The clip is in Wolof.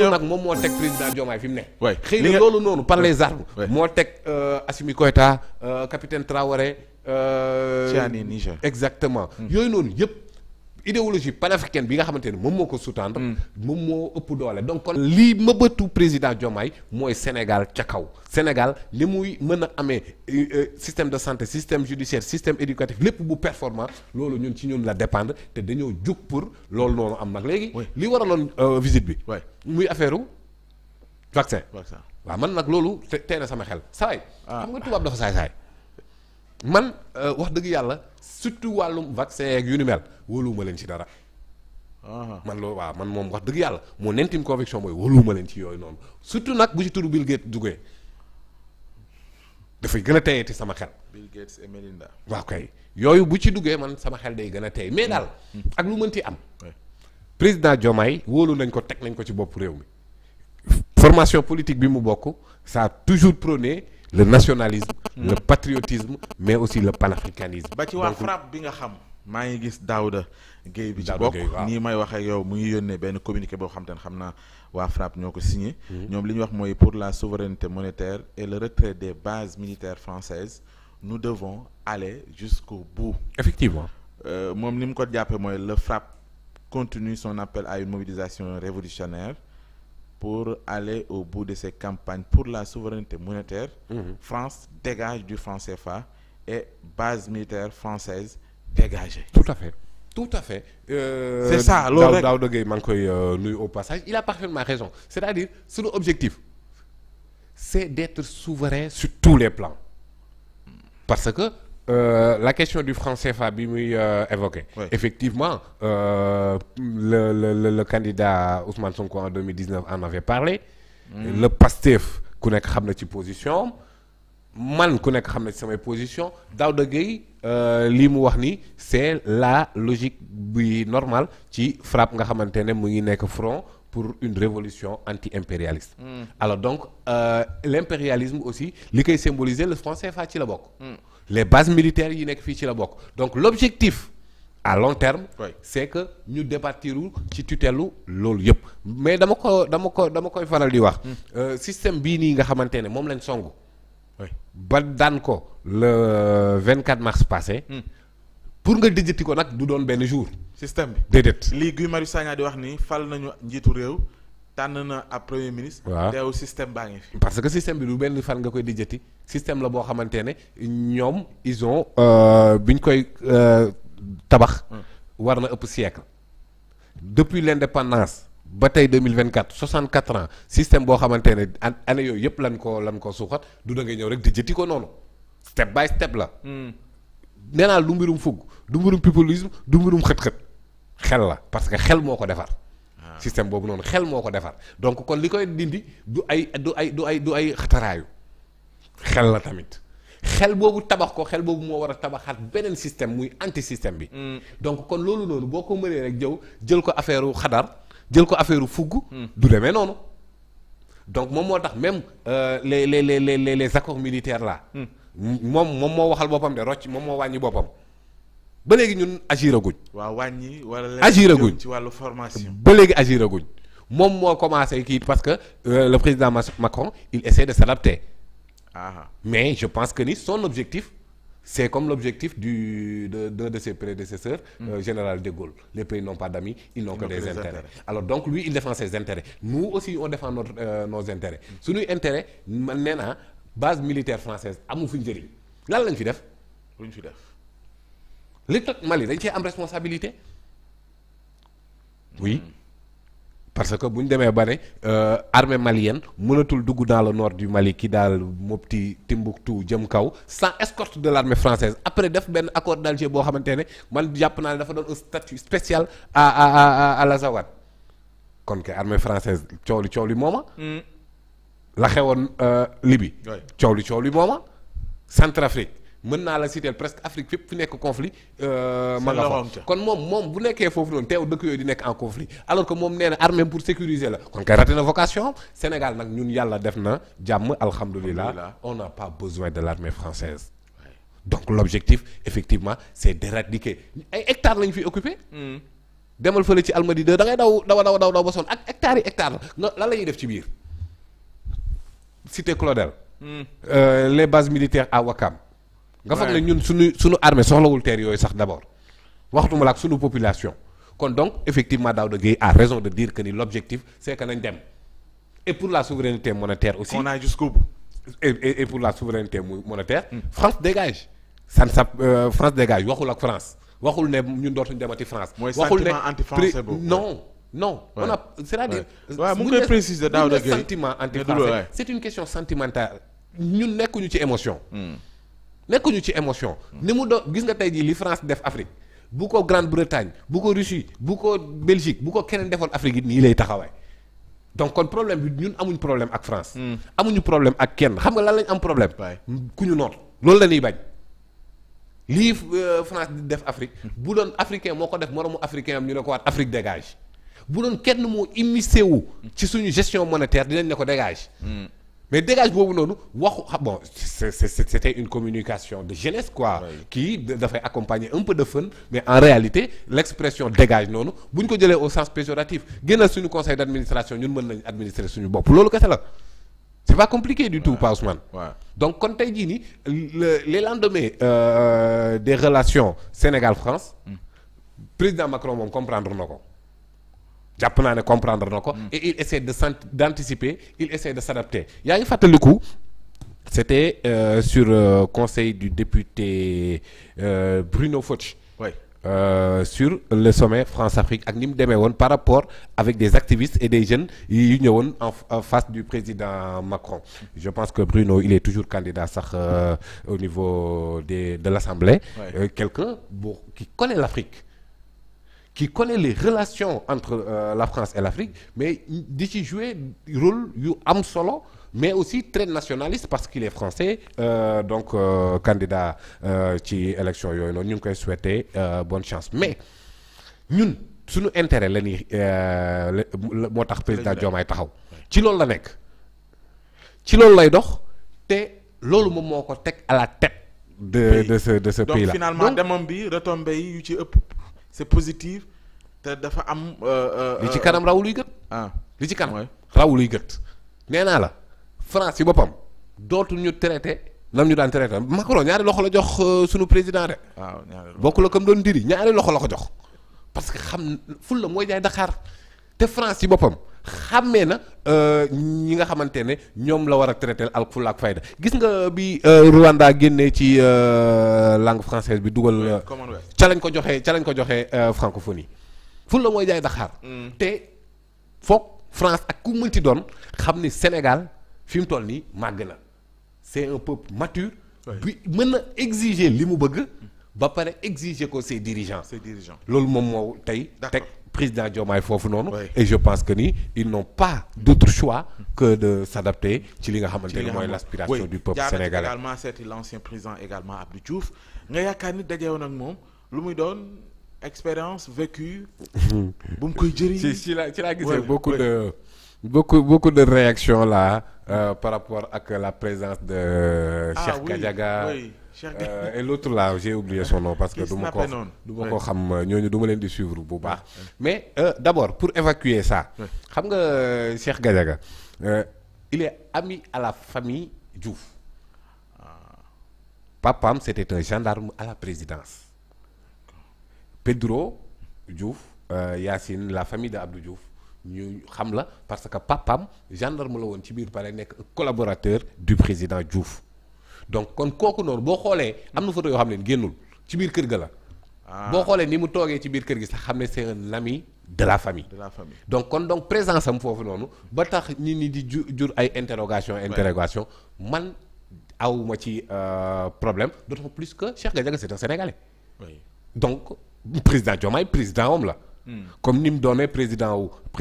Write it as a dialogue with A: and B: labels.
A: nag moom moo teg président fi mu ne. waay xëy na loolu noonu par les armes. moo teg euh, Assimi Koïta euh, capitaine Traoré. Euh, Tiani Niger exactement. Mm. yooyu noonu yëpp. idéologie panafricaine bi nga xamante ne moom moo ko sous-tendre mm. moom moo ëpp doole donc kon lii mëbëtu président Diomaye mooy Sénégal ca kaw Sénégal li muy mën a amee euh, euh, système de santé système judiciaire système éducatif lépp bu performance loolu ñun ci ñun la dépendre te dañoo jug pour loolu noonu am nag léegi li waraloon euh, visite bi muy affaire u vaccin waa man nag loolu te tee na sama xel saay ah. xam nga tubaab dafa saay saay man euh, wax dëgg yàlla surtout wàllum vaccin yeeg yu ni mel wóoluwuma leen ci dara. man loolu waaw man moom wax dëgg yàlla mon intime conviction mooy wóoluwuma leen ci yooyu noonu surtout nag bu ci turu Bill Gates duggee dafay gën a teye teyati sama xel.
B: Bill Gates et Melinda. waaw
A: kay yooyu bu ci duggee man sama xel day gën a tey mais daal. Mm. Mm. ak lu mënti am. président Diomaye wóolu nañ ko teg nañ ko ci bopp réew mi formation politique bi mu bokk ça toujours prôné le nationalisme. le patriotisme mais aussi le panafricanisme
B: ba ci waa FRAPP bi nga xam maa ngi gis Daouda Gueye bi ci bokk nii may wax yow mu ngi yónnee benn communiqué boo xam te ne xam naa waa FRAPP ñoo ko signé mhm. ñoom li ñu wax mooy pour la souveraineté monétaire et le retrait des bases militaires françaises nous devons aller jusqu'au bout effectivement euh, moom ni mu ko jàppee mooy le FRAPP continue son appel à une mobilisation révolutionnaire pour aller au bout de ces campagnes pour la souveraineté monétaire. Mhm. France dégage du franc CFA et base militaire française dégagée. Tout à fait.
A: tout à fait. Euh, c'est ça loolu rek
B: Daouda Gueye maa ngi koy euh, nuyu au passage
A: il a parfaitement raison c'est-à-dire sunu objectif c'est d'être souverain sur tous les plans Euh, la question du franc CFA bi muy euh, évoqué. Oui. Effectivement, euh, le, le le le candidat Ousmane Sonko dix 2019 en avait parlé. Mm. Le Pastef ku nekk xam na ci position man ku nekk xam na ci samay position Daouda Gueye euh, lii mu wax ni c'est la logique bi normal ci frappe nga xamante ne mu ngi nekk front pour une révolution anti-impérialiste. Mm. Alors donc euh, l'impérialisme aussi li koy symboliser le franc fa ci la bokk. Mm. les base militaires yi nekk fii ci la bokk donc l'objectif à long terme oui. c'est que ñu départiru ci tutelu loolu yëpp mais dama ko dama ko dama koy faral di wax hmm. euh, système bii nii nga xamante ne moom lañ songu ba daan ko le 24 mars passé mm.
B: pour nga dijjati ko nag du doon benn jour système bi déedéet lii Guy Marius Sagna di wax ni fal nañu njiitu réew tànn na ab premier ministre waaw teew système baa ngi fi parce que système bi du benn fan nga koy dijjati système la boo
A: xamante ne ñoom ison ont euh, bi ñu koy euh, tabax. Hmm. war na ëpp siècle depuis l'indépendance ba tey deux mille 2024 64 ans système boo xamante ne année yooyu yëpp lan ko lan ko suuxat du da ñëw rek di jëti ko noonu step by step la. Hmm. nee naa lu mbirum fugg du mbirum populisme du mbirum xët-xët xel la parce que xel moo ko defar. Ah. système boobu noonu xel moo ko defar donc kon li koy dindi du ay du ay du ay du ay xataraayu. xel la tamit xel boobu tabax ko xel boobu moo war a tabaxaat beneen système muy anti système bi. Mm. donc kon loolu noonu boo ko mënee rek jëw jël ko affaire u xadar jël ko affaire fugg. Mm. du demee noonu. donc moom moo tax même euh, les les les les les accords militaires la mm. moom moom moo waxal boppam de rocc moom moo wàññi boppam. ba léegi ñun agir aguñ.
B: waaw wàññi wala. agir aguñ ci wàllu formation.
A: ba léegi agir aguñ moom moo commencé kii parce que euh, le président Macron il essaie de s'adapter Ah. mais je pense que ni son objectif c'est comme l'objectif du de de ses prédécesseurs hmm. euh, général de Gaulle les pays n'ont pas d'amis ils n'ont que des intérêts. intérêts alors donc lui il défend ses intérêts nous aussi on défend notre euh, nos intérêts hmm. suñuy intérêt man nee naa base militaire française amu fi njëriñ lan lañ fi def luñ def li tax Mali dañ cee am responsabilité oui hmm. parce que bu ñu demee ba ne euh, armée malienne mënatul dugg dans le nord du Mali ki daal Mopti Timbuktu jëm kaw sans escorte de l'armée française après def benn accord d'Alger boo xamante ne man jàpp naa ne dafa doon un statut spécial à à à à l'Azawad kon que armée française coow li coow li mooma. Mm. la xewoon euh, Libye. coow li coow li mooma. Centrafrique. mën naa la citer presque Afrique fépp fi nekk conflit euh, ma nga kon moom moom bu nekkee foofu noonu teew dëkk yooyu di nekk en conflit alors que moom nee na armée pour sécuriser la kon kay raté na vocation Sénégal nag ñun yàlla def na jàmm alhamdulilah on n'a pas besoin de l'armée française donc l'objectif effectivement c'est d'éradiquer ay ectare lañ fi occuper hmm. demal fële ci almadi 2 da ngay daw daw daw daw ba sonn ak hectares yi hectares la lan la ñuy def ci biir cité Claudel hmm. euh, les bases nga foog ne ñun suñu suñu armée soxlawul terre yooyu sax d' abord waxtuma ak suñu population kon donc effectivement Daouda Gueye a raison de dire que ni l' objectif c' nañ dem et pour la souveraineté monétaire aussi on a jusqu'au bout et, et pour la souveraineté monétaire mm. France dégage san sa euh, France dégage waxul ak France waxul ne ñun dootuñu demati France waxul ne anti-français boobu non non ouais. on c'est-à-dire mu ngi koy préciser Daouda Gueye sentiment anti-français c'est une question sentimentale ñun nekkuñu ci émotion mm. nekkuñu ci émotion. Hmm. ni mu doon gis nga tey jii li France def Afrique bu ko Grande-Bretagne bu ko Russie bu ko Belgique bu ko keneen defoon Afrique yi nii lay taxawaay donc kon problème bi ñun amuñ problème ak France. Hmm. amuñu problème ak kenn xam nga lan lañ am problème. ku ñu noot loolu la ñuy bañ. lii euh, France di def Afrique hmm. bu doon africain moo ko def moroomu africain am ñu ne ko waat Afrique dégage bu doon kenn moo immiscé wu ci suñu gestion monétaire dinañ ne ko dégage. mais dégage boobu noonu waxu ah bon c'était une communication de jeunesse quoi kii dafay accompagner un peu de fun mais en réalité l'expression dégage noonu bu ñu ko jëlee au sens péjoratif génnal suñu conseil d'administration ñun mën nañ administrer suñu bopp loolu kese la c'est pas compliqué du tout pas Ousmane donc kon tey jii nii les lendemains euh, des relations Sénégal-France hmm. président Macron moom comprendre na ko jàpp naa ne comprendre na ko. Mm. et il essaie de sant d' anticiper il essaie de s'adapter yaa ngi fàttaliku. c' était euh, sur euh, conseil du député euh, Bruno Fuchs. oui euh, sur le sommet France-Afrique ak ni mu demee woon par rapport avec des activistes et des jeunes yu ñëwoon en, en face du président Macron. je pense que Bruno il est toujours candidat sax euh, au niveau des de l' assemblée. Oui. Euh, quelqu'un bu qui connaît l' qui connaît les relation entre euh, la France et l'Afrique mais di ci jouer rôle yu am solo mais aussi très nationaliste parce qu'il est français euh, donc euh, candidat euh, ci élection yooyu noonu ñu ngi koy souhaiter euh, bonne chance mais ñun suñu intérêt la ni euh, moo tax président Diomaye taxaw ci loolu la nekk ci loolu lay dox te loolu moom moo ko teg à la tête de de ce de ce pays là donc finalement
B: demam bi retombé yi yu ci ëpp c'est positif te dafa am. Euh, euh, li ci euh, kanam raw luy gët. ah li ci kanam raw
A: luy gët. nee naa la France ci boppam dootul ñu traité nam ñu daan traité Macron ñaari loxo la jox sunu président de. waaw ñaari comme doon diri ñaari loxo la ko jox. parce que xam ful la mooy jaay Dakar te France ci boppam. xàmmee na euh, ñi nga xamante ne ñoom la war a traité ak fulla ak fayda gis nga bi euh, Rwanda génne ci euh, langue française bi dugal. ca lañ ko joxee ca lañ ko joxee francophonie fulla mooy jaay daxaar. Mm. te foog France ak ku mënti doon xam ni Sénégal fi mu toll nii màgg na c'est un peuple mature. bi mën na exiger li mu bëgg. ba pare exiger ko ses dirigent ses dirigeants loolu moom moo tey teg. président Diomaye foofu noonu. et je pense que ni ils n'ont pas d'autre choix que de s'adapter ci li nga xamante ni mooy l'aspiration du peuple sénégalais
B: également seeti l'ancien président également Abdou Diouf nga yaakaar ni dajewoon ak moom lu muy doon expérience vécue.
A: Hmm. bu mu koy jëriñ ci ci la ci laa gisee beaucoup de. beaucoup beaucoup de réactions la euh, par rapport ak la présence de. ah Cheikh oui, Gadiaga oui. Euh, et l'autre là j'ai oublié son parce que du ma ko du ma ko xam ñooñu duma leen di suivre bu baax ah, mais euh, d'abord pour évacuer ça xam nga euh, Cheikh Gadiaga euh, il est ami à la famille Diouf ah. papam c'était un gendarme à la présidence Pedro Diouf Yacine la famille de Abdou Diouf ñu xam la parce que papam gendarme la woon ci biir pare nekk collaborateur du président Diouf donc kon kooku noonu boo xoolee am na foto yoo xam ne génnul ci biir kër ga la. Ah. boo xoolee ni mu toogee ci biir kër gi sax xam ne se un ami de la famille. de la famille donc kon donc présence am foofu noonu ba tax nit ñi di ju jur ay interrogation interrogation man awuma ci euh, problème d'autant plus que Cheikh Gadiaga c'est un sénégalais. donc président Diomaye président am la. Hmm. comme ni mu doonee président wu.